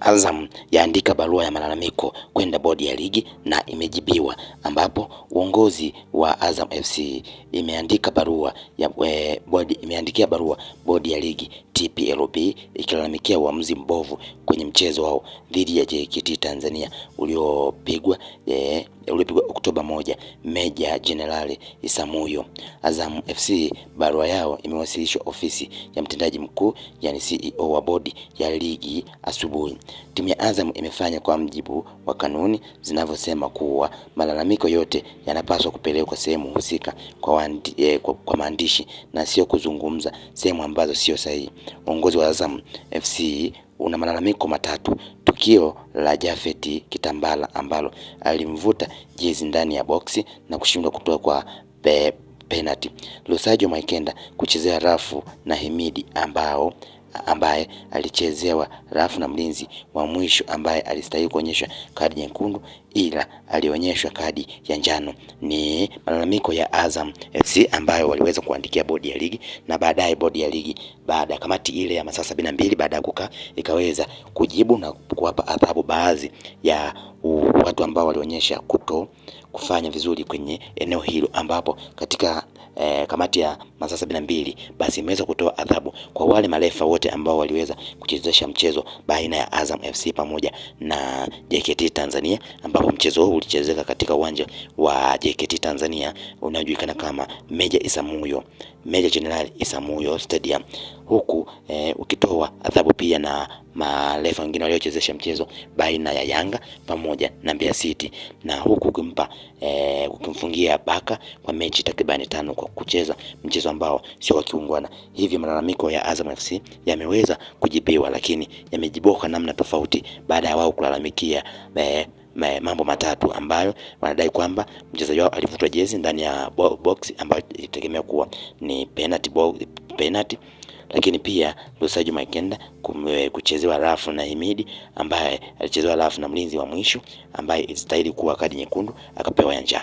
Azam yaandika barua ya malalamiko kwenda bodi ya ligi na imejibiwa, ambapo uongozi wa Azam FC imeandika barua ya e, bodi imeandikia barua bodi ya ligi TPLB ikilalamikia uamuzi mbovu kwenye mchezo wao dhidi ya JKT Tanzania uliopigwa e, uliopigwa Oktoba moja Meja Jenerali Isamuyo. Azam FC barua yao imewasilishwa ofisi ya mtendaji mkuu, yani CEO wa bodi ya ligi asubuhi asubuhi. Timu ya Azam imefanya kwa mjibu wa kanuni zinavyosema kuwa malalamiko yote yanapaswa kupelekwa sehemu husika kwa, wandi, eh, kwa, kwa maandishi na sio kuzungumza sehemu ambazo sio sahihi. Uongozi wa Azam FC una malalamiko matatu. Tukio la Jafeti Kitambala ambalo alimvuta jezi ndani ya boksi na kushindwa kutoa kwa penalty. Lusajo Maikenda kuchezea rafu na Hemidi ambao ambaye alichezewa rafu na mlinzi wa mwisho ambaye alistahili kuonyeshwa kadi nyekundu ila alionyeshwa kadi ya njano. Ni malalamiko ya Azam FC ambayo waliweza kuandikia bodi ya ligi, na baadaye bodi ya ligi baada ya kamati ile ya masaa sabini na mbili baada ya kukaa ikaweza kujibu na kuwapa adhabu baadhi ya watu ambao walionyesha kuto kufanya vizuri kwenye eneo hilo, ambapo katika e, kamati ya masaa sabini na mbili basi imeweza kutoa adhabu kwa wale marefa wote ambao waliweza kuchezesha mchezo baina ya Azam FC pamoja na JKT Tanzania, ambapo mchezo huu ulichezeka katika uwanja wa JKT Tanzania unaojulikana kama Meja Isamuyo, Meja General Isamuyo Stadium, huku e, ukitoa adhabu pia na marefa wengine waliochezesha mchezo baina ya Yanga pamoja moja na Mbeya City na huku ukimpa e, ukimfungia Baka kwa mechi takribani tano kwa kucheza mchezo ambao sio wa kiungwana. Hivi malalamiko ya Azam FC yameweza kujibiwa, lakini yamejiboka namna tofauti baada ya wao kulalamikia e, mambo matatu ambayo wanadai kwamba mchezaji wao alivutwa jezi ndani ya box ambayo ilitegemea kuwa ni penalty box, penalty, lakini pia Lusajo Makenda kuchezewa rafu na Himidi ambaye alichezewa rafu na mlinzi wa mwisho ambaye ilistahili kuwa kadi nyekundu akapewa ya njano.